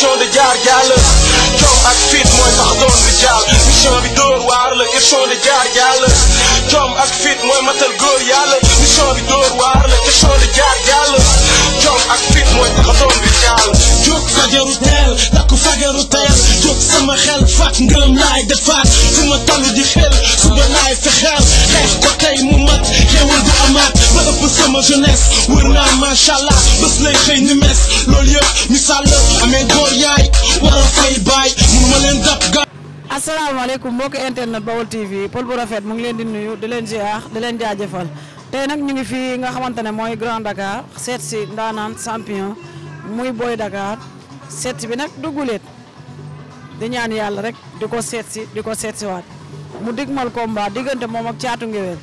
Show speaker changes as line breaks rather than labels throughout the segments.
mission de jaar jaar la jom ak fit mooy tax doon bi jaar mission bi dóor waar la question de jaar jaar la jom ak fit mooy matal góor yàlla mission bi dóor waar la question de jaar jaar la jom ak fit mooy tax doon bi jaar jóg fagaru teel takku fagaru teel jóg sama xel fàtt ngërëm laay defaat su ma toll di xel suba laay fexeel sama jeunesse wër naa macha allah bés lay xëy ni loolu yëpp misaal la amee góor yaay war fay baay mun ma leen dab ga.
asalaamaaleykum mbokki internet Baol TV Paul bu rafet mu ngi leen di nuyu di leen ziar di leen jaajëfal te nag ñu ngi fii nga xamante ne mooy Grand Dakar seet si ndaanaan champion muy Boy Dakar seet bi nag dugguleet di ñaan yàlla rek di ko seet si di ko seet si waat mu digmal combat diggante moom ak caatu ngéwél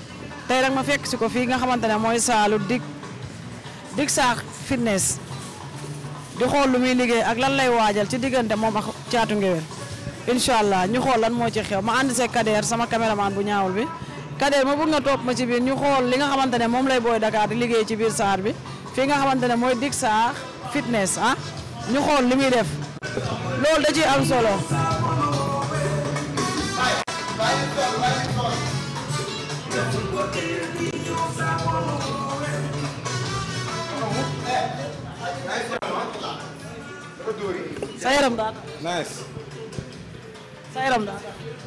tey nag ma fekk si ko fii nga xamante ne mooy saalu dig dig saax fitness di xool lu muy liggéey ak lan lay waajal ci diggante moom ak caatu ngéwél incha allah ñu xool lan moo ci xew ma ànd see Kader sama caméraman bu ñaawul bi Kader ma bëgg nga topp ma ci biir ñu xool li nga xamante ne moom lay booy Dakar di liggéey ci biir saar bi fii nga xamante ne mooy dig saax fitness ah ñu xool li muy def loolu da ciy am solo. sa yaram daa nice sa yaram daa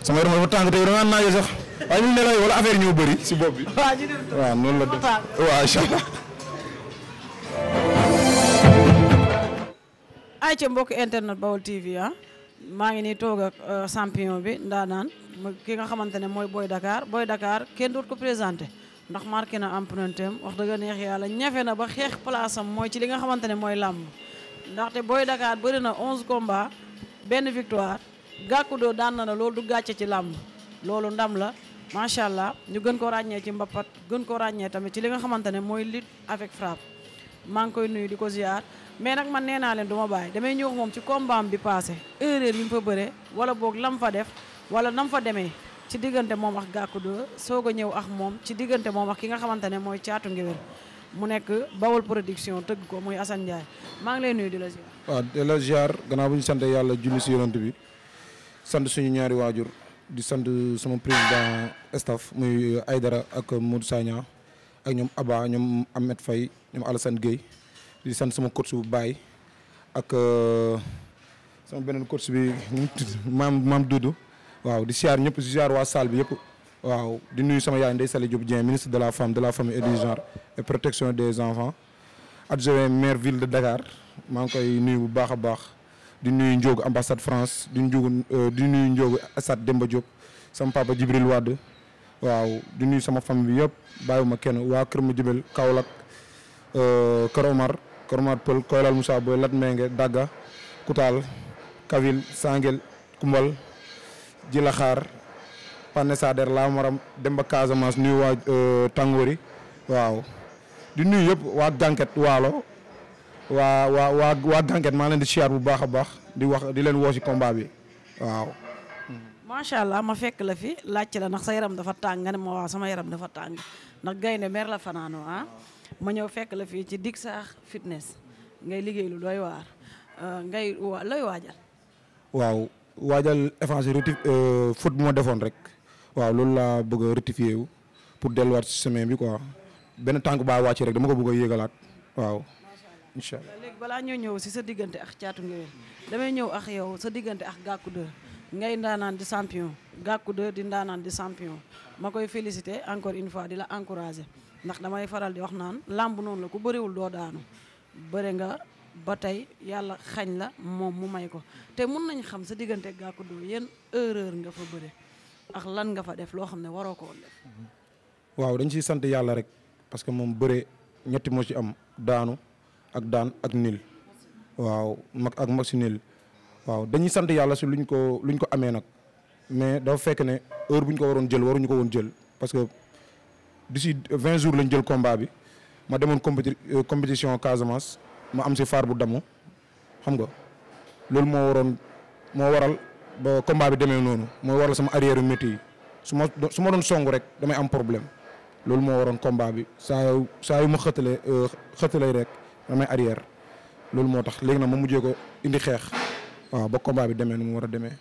sama yaram dafa tàng te yow naa sax waaye ñu ne la wala affaire ñoo bëri si bopp bi waaw noonu la def waaw incha allah
ay ca mbokk internet Baol TV ah maa ngi nii toog ak euh, champion bi ndaanaan ki nga xamante ne mooy Boy dakaar Boy dakaar kenn doot ko présenté ndax marqué na empreinte am wax dëgg neex yàlla ñafe na ba xeex place am mooy ci li nga xamante ne mooy làmb ndaxte Boy dakaar bëri na 11 combats benn victoire gàkku doo daan na loolu du gàcce ci làmb loolu ndam la macha allah ñu gën ko ràññee ci mbappat gën ko ràññee tamit ci li nga xamante ne mooy lutte avec frappe maa ngi koy nuyu di ko ziar mais nag man nee naa leen du ma bàyyi damay ñëw moom ci combat bi passé erreur yi mu fa bëre wala boog lam fa def wala nam fa demee ci diggante moom ak Gàkku de soog a ñëw ak moom ci diggante moom ak ki nga xamante ne mooy caatu ngéwél mu nekk Bawol production tëgg ko muy Assane Ndiaye maa ngi lay nuyu di la
ziar. waaw bu ñu sante yàlla julli si yonent bi sant suñu ñaari waajur di sant suma président staff muy ay dara ak Modou Sagna ak ñoom Aba ñoom Ahmed Faye ñoom Alassane Gueye di sant sama coach bu Baye ak euh, sama beneen coach bi maam maam Doudou. waaw di siyaar ñëpp di siyaar waa salle bi yëpp waaw di nuyu sama yaay Ndeye Saly Diop Dieng ministre de la femme de la famille et du genre et protection des enfants adjoint maire ville de Dakar maa ngi koy nuyu bu baax a baax di nuyu Ndiogu ambassade France di Ndiogu euh, di nuyu Ndiogu Assad Demba Diop sama papa Djibril Wade waaw di nuyu sama famille bi yëpp ma kenn waa Kër Madiabel Kaolack euh, Kër Omar Kër Omar Pël Koylal Moussa Boy Lat Menge Dagga Koutal Kavil Sangel ji la xaar panne sader laa maram dem ba Casamance nuyu waa euh, tàngoor yi waaw di nuyu yëpp waa Gànket waalo waa waa waa waa Gànket ma leen di siyaar bu baax a baax di wax di leen woo si combat bi waaw.
macha allah ma fekk la fi laajte la ndax sa yaram dafa tàng nga ne ma waaw sama yaram dafa tàng ndax gaynde mer la fanaanoo ah ma ñëw fekk la fii ci digg saax fitness ngay liggéey lu doy waar euh, ngay looy waajal.
waaw. waajal effacé rectif faute bu ma defoon rek waaw loolu laa bëgg a rectifier wu pour delluwaat si semaine bi quoi benn tànk baa wàcc rek dama ko bëgg a yëgalaat waaw. incha
balaa ñoo ñëw si sa diggante ak caatu ngewel damay ñëw ax yow sa diggante ak Gackou 2 ngay ndaanaan di champion Gackou 2 di ndaanaan di champion ma koy félicité encore une di la encourager ndax damay faral di wax naan làmb noonu la ku bëriwul doo daanu bëre nga. ba tey yàlla xañ la moom mu may ko te mun nañ xam sa diggante Gackou Doo yéen erreur nga fa bëre ak lan nga fa def loo xam ne waroo ko woon def
waaw dañ ciy sant yàlla rek parce que moom bëre ñetti moo ci am daanu ak daan ak nil waaw mag ak mag si waaw dañuy sant yàlla si luñ ko luñ ko amee nag mais dafa fekk ne heure bu ñu ko waroon jël waruñu ko woon jël parce que d'ici vingt jours lañ jël combat bi ma demoon euh, compétition Casamance ma am si faar bu damm xam nga loolu moo waroon moo waral ba combat bi demee noonu mooy waral sama arrière métti yi su ma su ma doon song rek damay am problème loolu moo waroon combat bi saa yu ma xëtalee euh, xëtalee rek damay arrière loolu moo tax léegi nag ma mujjee ko indi xeex waaw ba combat bi demee nu mu war a demee.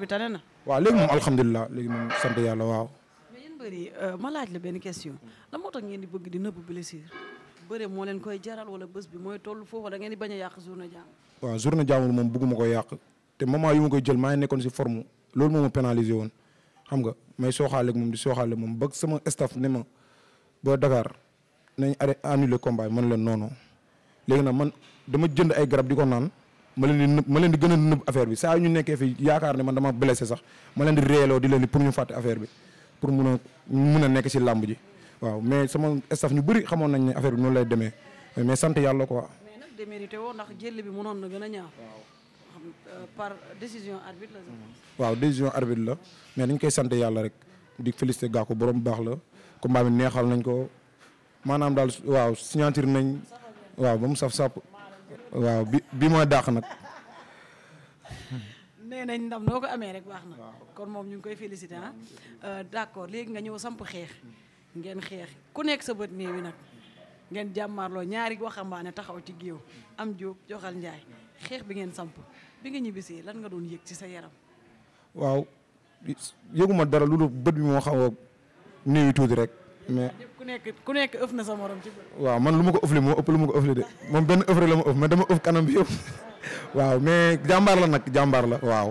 bi tane na. waaw léegi moom alhamdulilah léegi moom sant yàlla waaw.
bëre moo leen koy jaral wala bés bi mooy toll foofu da ngeen di bañ a yàq journée jaamur.
waaw journée jaamur moom bëgguma ko yàq te moment yu ma koy jël maa ngi nekkoon si forme loolu moo ma pénalisé woon xam nga may sooxaale moom di sooxaale moom ba sama staff ne ma ba Dakar nañ arrêté annulé combat man leen noonu léegi nag man dama jënd ay garab di ko naan ma leen di nëb ma leen di gën a bi saa ñu nekkee fi yaakaar ne man dama blessé sax ma leen di reeloo di leen pour ñu fàtte affaire bi pour mun a mun a nekk si làmb ji waaw mais sama staff ñu bëri xamoon nañ ne affaire bi noonu lay demee mais sant yàlla ko
mais nag démérité woo ndax jël bi mënoon na gën a ñaaw. Euh, par décision arbitre la.
waaw la mais dañ koy sant yàlla rek di félicité Gakou borom baax la combat bi neexal nañ ko maanaam daal waaw signature nañ waaw ba mu saf sàpp waaw bi bi ma dàq nag.
nee nañ ndam noo ko amee rek baax na. kon moom ñu ngi koy félicité ah euh, d'accord léegi nga ñëw samp xeex. ngeen xeex ku nekk sa bët néewi nag ngeen jàmmaarloo ñaari waxambaane taxaw ci géew am jóob joxal njaay xeex bi ngeen samp bi nga ñibbisee lan nga doon yëg ci sa yaram.
waaw yëguma dara lu dul bët bi xaw a néewi tuuti rek. mais
ku nekk ku nekk ëf na sa morom
waaw man lu ma ko ëflee moo ëpp lu ma ko ëflee moom benn ëf la ma ëf ma dama ëf kanam bi yëpp. waaw mais jàmbaar la nag jàmbaar la waaw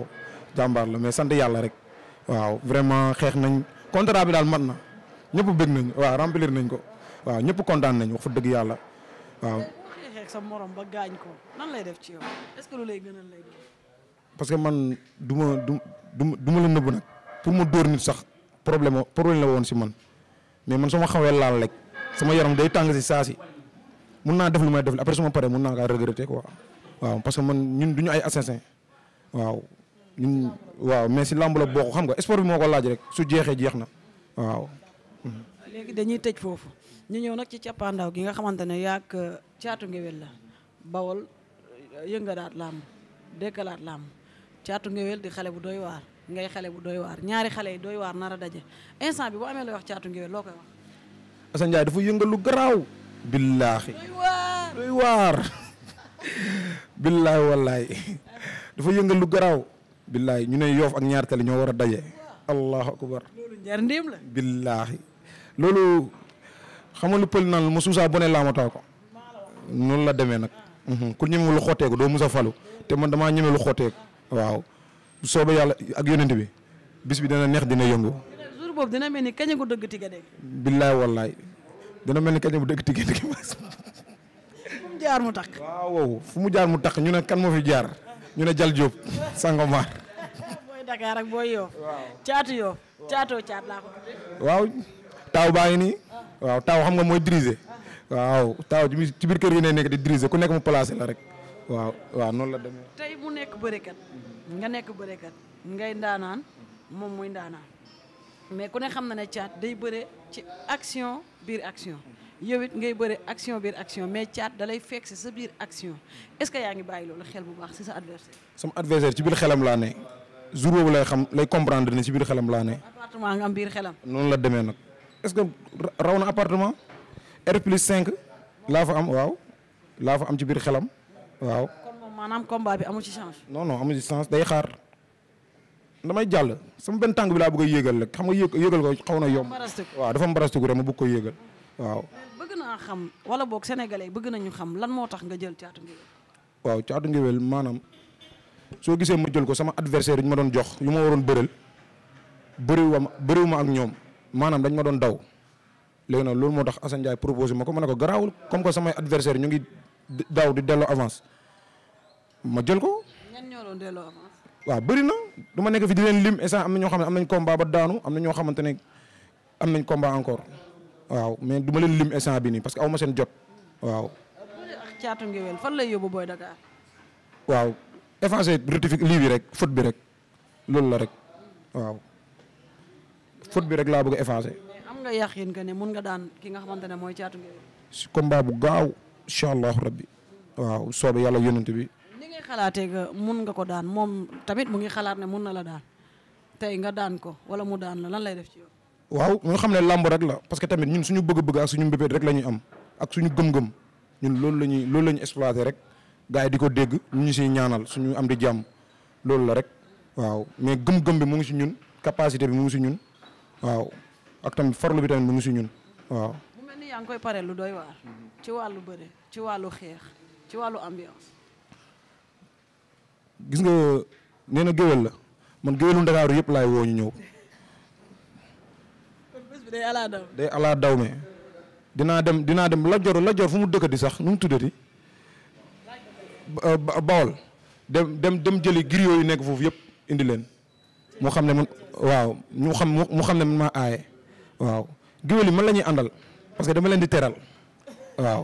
jàmbaar la mais sant yàlla rek. waaw vraiment xeex nañ contrat bi daal mat na. ñëpp bëgg nañ waaw remplir nañ ko waaw ñëpp kontaan nañ wax fa dëgg yàlla waaw.
xeex sa morom ba ko def ci yow est-ce
parce que man du ma du du ma la nëbb nag pour ma dóor nit sax problème problème la woon si man mais man su ma xawee laal rek sama yaram day tàng si saa si mun naa def lu may def après su ma paree mun naa kaa regretter quoi waaw parce que man ñun du ñu ay assassin waaw ñun waaw mais si làmb la bokk xam nga sport bi moo ko laaj rek su jeexee jeex na waaw.
léegi dañuy tëj foofu ñu ñëw nag ci cappaandaw gi nga xamante ne yaak euh, caatu ngewel la bawol euh, yëngalaat làmb dekkalaat làmb caatu ngewel di xale bu doy waar ngay xale bu doy waar ñaari xale yi doy waar nar a daje instant bi boo amee la wax caatu ngewel loo koy wax
Assane Ndiaye dafa yëngal lu garaaw billaahi doy waar doy billaahi wallaahi dafa yëngal lu garaaw billaahi ñu ne yoof ak ñaar tali ñoo war a daje allahu akbar loolu njar ndéem la. billaahi loolu xam nga lu pël naan ma suusaa bone laamatoo ko noonu la demee nag mhm. ku ñeme lu xotteeku doo mus a falu te man damaa ñeme lu xotteeku waaw sooba yàlla ak yonent bi bis bi dana neex dina yëngu.
jour boobu dina mel ni kañ ko dëgg tiga de.
billaay wallaay dina mel ni kañ bu dëgg tiga de. fu mu jaar fu mu jaar mu takk ñu ne kan moo fi jaar ñu ne Jal Diop Sangomar.
Dakar ak booy Yoff. waaw caatu Yoff caatoo caat laa ko
waaw taaw baa ngi nii. waaw taaw xam nga mooy diriger. waaw taaw ci biir kër gi ne nekk di diriger ku nekk mu placé la rek. waaw waaw noonu la demee.
tey mu nekk kat nga nekk bërekat. ngay ndaanaan moom muy ndaanaan. mais ku ne xam na ne caat day bëre ci action biir action yow it ngay bëre action biir action mais caat da lay fekk si sa biir action est-ce que yaa ngi bàyyi loolu xel bu baax si sa adversaire.
sama adversaire ci biir xelam laa jour boobu lay xam lay comprendre ni si biir xelam laa ne.
appartement nga am biir xelam.
noonu la demee nag est-ce que raw na appartement R plus 5 laa fa am waaw laa fa am ci biir xelam waaw. kon moom bi amul ci chance. non non amul ci day xaar damay jàll sama benn tànk bi laa bëgg a yéegal rek xam nga yéeg yéegal ko xaw na yomb. waaw dafa am barastiku rek ma bëgg ko yéegal waaw.
bëgg naa xam wala boog sénégalais bëgg nañu xam lan moo tax nga jël caatu ngéwél.
waaw caatu ngéwél maanaam. soo gisee ma jël ko sama adversaire yi ñu ma doon jox yu ma waroon bëreel bëriwuma bëriwuma ak ñoom maanaam dañ ma doon daw léegi nag loolu moo tax Assane Ndiaye proposé ma ko ma ne ko garaawul comme que samay adversaire ñu ngi daw di delloo avance ma jël ko. ñan ñoo doon delloo waaw bëri na du ma nekk fi di leen lim instant am na ñoo xam ne am nañ combat ba daanu am na ñoo xamante ne am nañ combat encore waaw mais du ma leen lim instant bi nii parce que aw ma seen jot waaw. caatu ngéwél waaw. effacer rectifier lii bi rek faute bi rek loolu la rek waaw faute bi rek laa bëgg a effacer.
mais am nga yaqin ne mun nga daan ki nga xamante ne mooy caatu ngéwél.
si combat bu gaaw incha allahu rabbi waaw soobee yàlla yonent bi.
xalaatee que mun nga ko daan moom tamit mu ngi xalaat ne mun na la daan tey nga daan ko wala mu daan la lan lay def ci yow.
waaw ñu xam ne làmb rek la parce que tamit ñun suñu bëgg-bëgg ak suñu mbébét rek la ñuy am ak suñu gëm-gëm ñun loolu la ñuy loolu la ñuy exploité rek. gars yi di ko dégg ñu ñu siy ñaanal suñu am di jàmm loolu la rek waaw mais gëm-gëm bi mu ngi si ñun capacité bi mu ngi si ñun waaw ak tamit farlu bi tamit mu ngi si ñun waaw.
bu mel ni yaa ngi koy pare lu doy waar. ci wàllu bëre ci wàllu xeex ci wàllu ambiance.
gis nga nee géwél la man géwélu Ndakaaru yëpp laay woo ñu ñëw. day alaa daw daw dinaa dem dinaa dem la jor la jor fu mu dëkkati sax nu mu tuddati. Euh, euh, Bawol dem dem dem jëli griot yu nekk foofu yëpp indi leen moo xam ne man waaw mu xam mu xam ne man maa aaye waaw géwél yi man la ñuy àndal parce que dama leen di teral waaw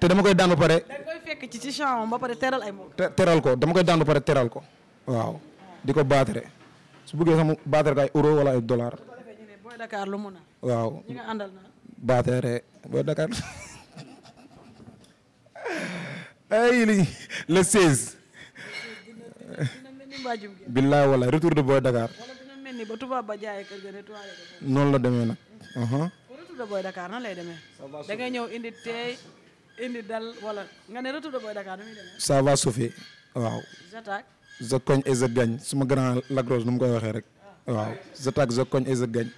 te dama koy daan ba pare.
da ci ci ba pare teral ay
teral ko dama koy daan pare teral ko waaw di ko baatere su bëggee sax mu baatere ko ay euro wala ay dollar. booy Dakar waaw ñi nga àndal na. baatere booy ay li le 16. billaay walaay retour de Boy Dakar. noonu la demee nag.
retour de Boy ñëw indi tey indi dal wala nga ne retour de Boy Dakar nan
lay waaw. j'attaque. je cogne et je gagne suma grand lagros nu mu koy waxee rek. waaw j'attaque je cogne et gagne.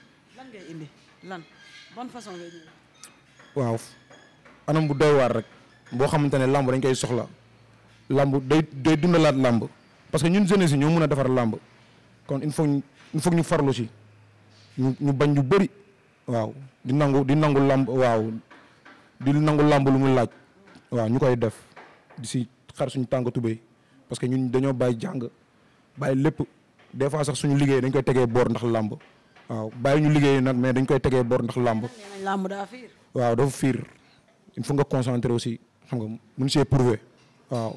waaw anam bu doy waar rek. boo xamante ne lamb dañ koy soxla lamb day day dundalaat làmb parce que ñun jeunesse yi ñoo mën a defar lamb kon il faut il ñu farlu si ñu bañ ñu bëri waaw di nangu di nangu lamb waaw di nangu làmb lu mu laaj waaw ñu koy def di si xar suñu tànk tubéy parce que ñun dañoo bàyyi jàng bàyyi lépp des fois sax suñu liggéey dañ koy tegee boor ndax làmb waaw bàyyi ñu liggéey nag mais dañ koy tegee boor ndax làmb.
làmb daa fiir.
waaw dafa fiir il faut nga concentré aussi xam nga mun see prouver waaw.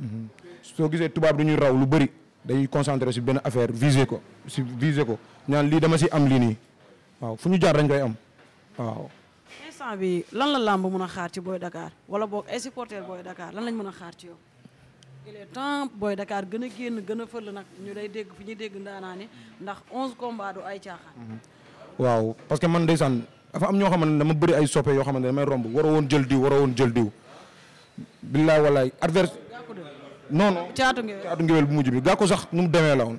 Mhm. soo gisee tubaab du ñuy raw lu bëri dañuy concentré si benn affaire viser ko si viser ko ñaan lii dama si am lii nii waaw fu ñu jaar dañ koy am waaw.
instant bi lan la làmb mën a xaar ci booy dakaar wala boog ay supporters Boy Dakar lan lañ mën a xaar ci yow. il est temps booy Dakar gën a génn gën a fël nag ñu day dégg fu ñuy dégg ndaanaa ne ndax onze combats ay caaxaan. Mhm.
waaw parce que man ndeysaan dafa am ñoo xamante ne dama bëri ay soppe yoo xamante ne damay romb waroo woon jël diw waroo woon jël diw. billaay walaay adverse. non non caatu ngewel caatu ngewel bu mujj bi gàkku sax nu mu demee la woon.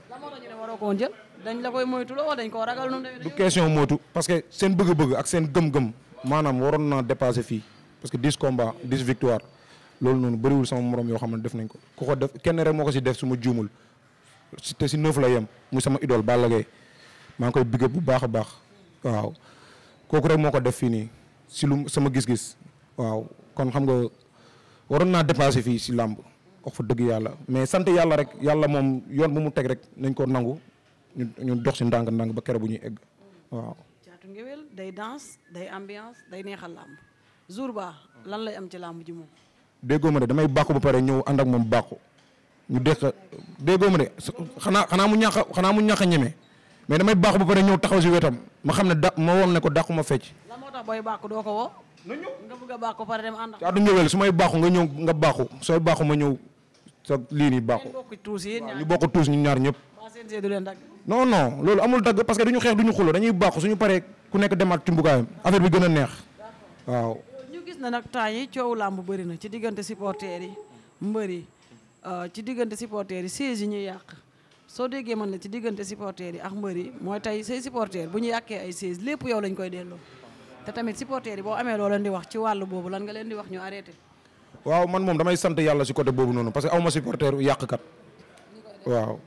waroo ko woon jël dañ dañ koo ragal
du question moytu parce que seen bëgg-bëgg ak seen gëm-gëm maanaam waroon naa dépasser fii parce que dix combats dix victoire loolu noonu bëriwul sama moroom yoo xam ne def nañ ko ku ko def kenn rek moo ko si def su ma juumul te si neuf la yem muy sama idole Balla Gaye maa ngi koy bigg bu baax a baax waaw. kooku rek moo ko def fii nii si lu sama gis-gis waaw kon xam nga waroon naa dépassé fii si làmb wax fa dëgg yàlla mais sant yàlla rek yàlla moom yoon bu mu teg rek nañ ko nangu ñu ñu dox si ndànk-ndànk ba kere bu ñuy egg waaw.
caatu ngewel day danse day ambiance day neexal làmb jour ba lan lay am ci làmb ji moom.
déggoo ma de damay bàkku ba pare ñëw ànd ak moom bàkku ñu deq déggoo ma de xanaa xanaa mu ñàkk xanaa mu ñàkk a ñeme mais damay bàkku ba pare ñëw taxaw si ma xam ne da ma woon ne ko dàquma fecc.
la moo tax booy bàkku doo ko woo. na dem ànd. du
ñëwee su may bàkku nga ñëw nga bàkku sooy bàkku ma ñëw sa lii nii bàkku. ñu bokk tuus ñu ñaar ñëpp. non non loolu amul dagg parce que duñu xeex duñu xulo dañuy bàkku ñu paree ku nekk demaat ci mbugaayam affaire bi gën a neex waaw.
ñu gis na nag temps yi coowu làmb bëri na ci diggante supporters yi mbër yi euh, ci diggante supporters yi siège yi ñuy yàq soo déggee mën na ci diggante supporters yi ak mbër yi mooy tey say supporters bu ñu yàqee ay siège lépp yow lañ koy delloo te tamit supporters yi boo amee loo leen di wax ci wàllu boobu lan nga leen di wax ñu arrêté.
waaw man moom damay sant yàlla si côté boobu noonu parce que aw ma supporter yàqkat waaw.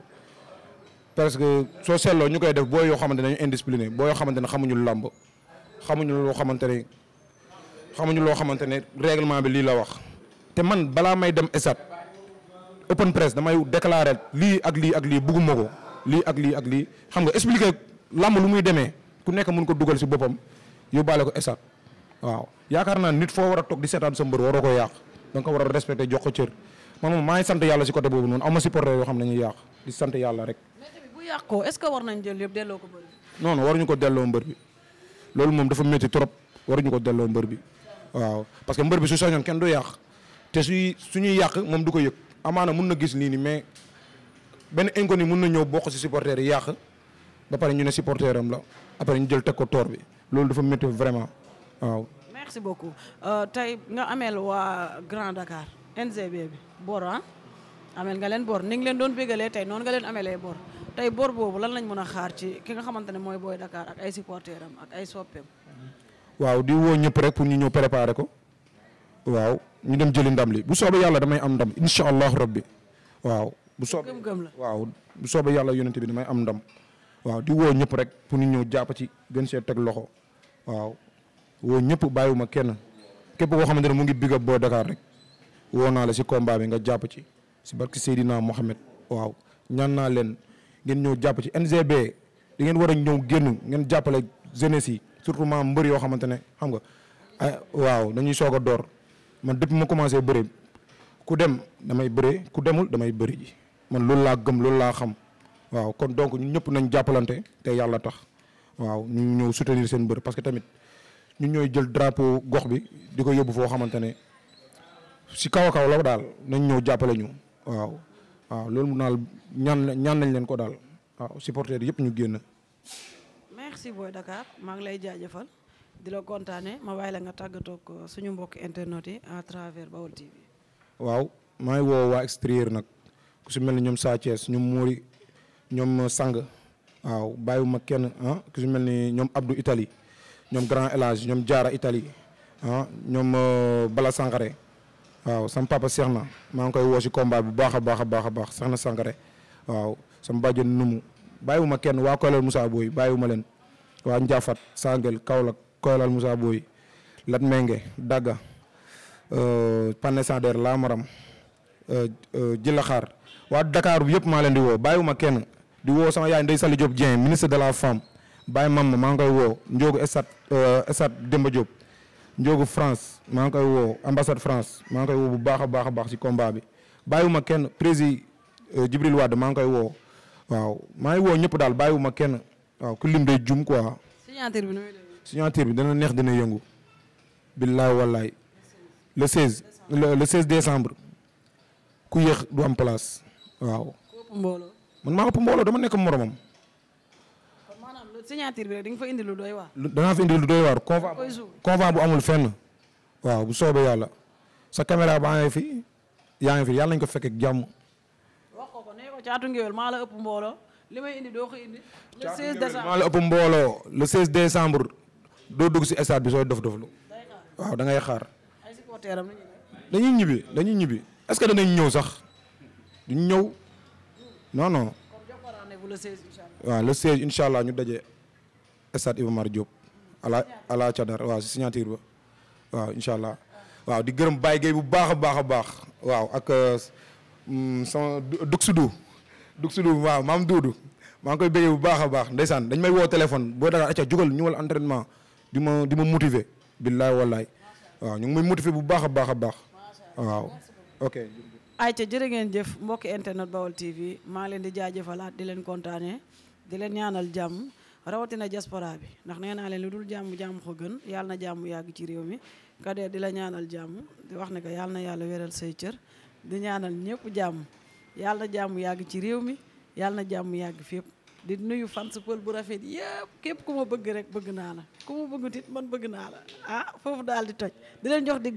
parce que soo seetloo ñu koy def boo yoo xamante ne dañu indiscipliné boo yoo xamante ne xamuñu làmb xamuñu loo xamante ne xamuñu loo xamante ne règlement bi lii la wax te man balaa may dem esat open press damay déclarer lii ak lii ak lii bugguma ko lii ak lii ak lii xam nga expliquer làmb lu muy demee ku nekk mun ko dugal si boppam yóbbaale ko esat waaw yaakaar naa nit foo war a toog di seetaan sa mbër waroo ko yàq da nga ko war a respecté ko maa ngi sant yàlla si côté boobu noonu am ma supporter yoo xam sant yàlla rek. mais
tamit bu yàqoo que war nañ jël yëpp delloo ko mbër
bi. delloo mbër bi loolu moom dafa métti trop waruñu ko delloo mbër bi waaw parce que mbër bi su soñoon kenn du yàq te suy suñuy yàq moom du ko yëg amaana mun na gis nii ni mais benn inconnu mun na ñëw bokk si supporter yi yàq ba pare ñu ne supporter am la après ñu jël teg ko toor bi loolu dafa métti vraiment waaw.
merci beaucoup euh, tey nga ameel waa Grand Dakar NGB bi bor ah ameel nga leen bor ni ngi leen doon bégalee tey noonu nga leen amelee bor tey bor boobu lan lañ mën a xaar ci ki nga xamante ne mooy booy Dakar ak ay supporter ak ay soppeem.
waaw di woo ñëpp rek pour ñu ñëw préparer ko. waaw ñu dem jëli ndam li bu soobee yàlla damay am ndam incha allah rabbi waaw. bu soobee waaw bu soobee yàlla yonente bi damay am ndam. waaw di woo ñëpp rek pour ñu ñëw jàpp ci gën see teg loxo waaw woo ñëpp bàyyiwuma kenn képp koo xamante ne mu ngi big up Boy rek woo naa la si combat bi nga jàpp ci si barki Seydina Mohamed waaw ñaan naa leen ngeen ñëw jàpp ci NGB di ngeen war a ñëw génn ngeen jàppale jeunesse yi surtout maa mbër yoo xamante ne xam nga waaw dañuy soog a door man depuis ma commencé bëre ku dem damay bëre ku demul damay bëri ji man loolu laa gëm loolu laa xam waaw kon donc ñu ñëpp nañ jàppalante te yàlla tax waaw ñu ñëw soutenir seen bër parce que tamit ñu ñooy jël drapeau gox bi di ko yóbbu foo xamante ne si kaw a la daal nañ ñëw jàppale ñu waaw waaw loolu mun naal ñaan ñaan nañ leen ko daal waaw supporters yëpp ñu génn
merci Boy Dakar maa lay jaajëfal di la kontaane ma bàyyi la nga tàggatoog suñu mbokk internet yi à travers Baol TV.
waaw maa ngi woo waa extérieur nag ku si mel ni ñoom Sa Thiès ñoom Mori ñoom Sang waaw bàyyiwuma kenn ah ku si mel ni ñoom Abdou Italie ñoom Grand élage ñoom Diarra Italie ah, ñoom euh, Bala Sangaré waaw sam papa na maa ngi koy woo si combat bu baax a baax a baax a baax seex na Sangaré waaw sam bàjjen numu bàyyiwuma kenn waa Kolel Moussa Boy bàyyiwuma leen waa Ndiafat Sangel Kaolack Koyalal Moussa Boye Lat Menge Daga euh, Pané Sader Lamaram euh, euh, Jilaxaar waa Dakar yëpp maa leen di woo bàyyiwuma kenn di woo sama yaay Ndeye Saly Diop Dieng ministre de la femme Baye Mam maa ngi koy woo Ndiogu Esat Esat Demba Diop Ndiogu France maa ngi koy woo ambassade France maa ngi koy woo bu baax a baax a baax ci combat bi bàyyiwuma kenn président Djibril Wade maa ngi koy woo maa ngi woo ñëpp daal bàyyiwuma kenn waaw ku lim day jum quoi. signature bi dana neex dina yëngu billaay wallaay le 16 le 16 décembre ku yéex du am place waaw. man maa ëpp mbooloo dama nekk moromam.
kon maanaam signature bi rek di lu doy waar.
danaa fa indi lu doy waar. convoi bu amul fenn. waaw bu soobee yàlla sa caméra baa ngi fi yaa ngi fi yàlla nañu ko fekk ak jàmm.
wax ko ko nee ko caatu ngéwél maa la ëpp mbooloo le 16 décembre maa
la ëpp décembre. doo dugg si stade bi sooy dof-doflu waaw da ngay xaar. dañuy ñibbi dañuy ñibbi est ce que danañ ñëw sax duñ ñëw non non. waaw le 16 incha allah ñu daje stade Iba Mar Diop. ala ala cadar waaw si signature ba waaw incha allah waaw di gërëm Baye Gueye bu baax a baax a baax waaw ak mm, sama dug sudu dug sudu waaw maam duudu maa ngi koy bëggee bu baax a baax ndeysaan dañ may woo téléphone boo daga acca jugal ñëwal entrainement di ma di ma motiver billaay wallaay waaw ñu ngi may motiver bu baax a baax a baax waaw ok
ayca jërë ngeen jëf mbokki internet Baol TV maa leen di jaajëfalaat di leen kontaane di leen ñaanal jàmm rawatina diaspora bi ndax nee naa leen lu dul jàmm jàmm ko gën yàlla na jàmm yàgg ci réew mi Kader di la ñaanal jàmm di wax ne que yàlla na yàlla wéral say cër di ñaanal ñëpp jàmm yàlla na jàmm yàgg ci réew mi yàlla na jàmm yàgg fi fépp di nuyu fans pël bu rafet yëpp képp ku ma bëgg rek bëgg naa la ku ma bëggut it man bëgg naa la ah foofu daal di toj di jox dig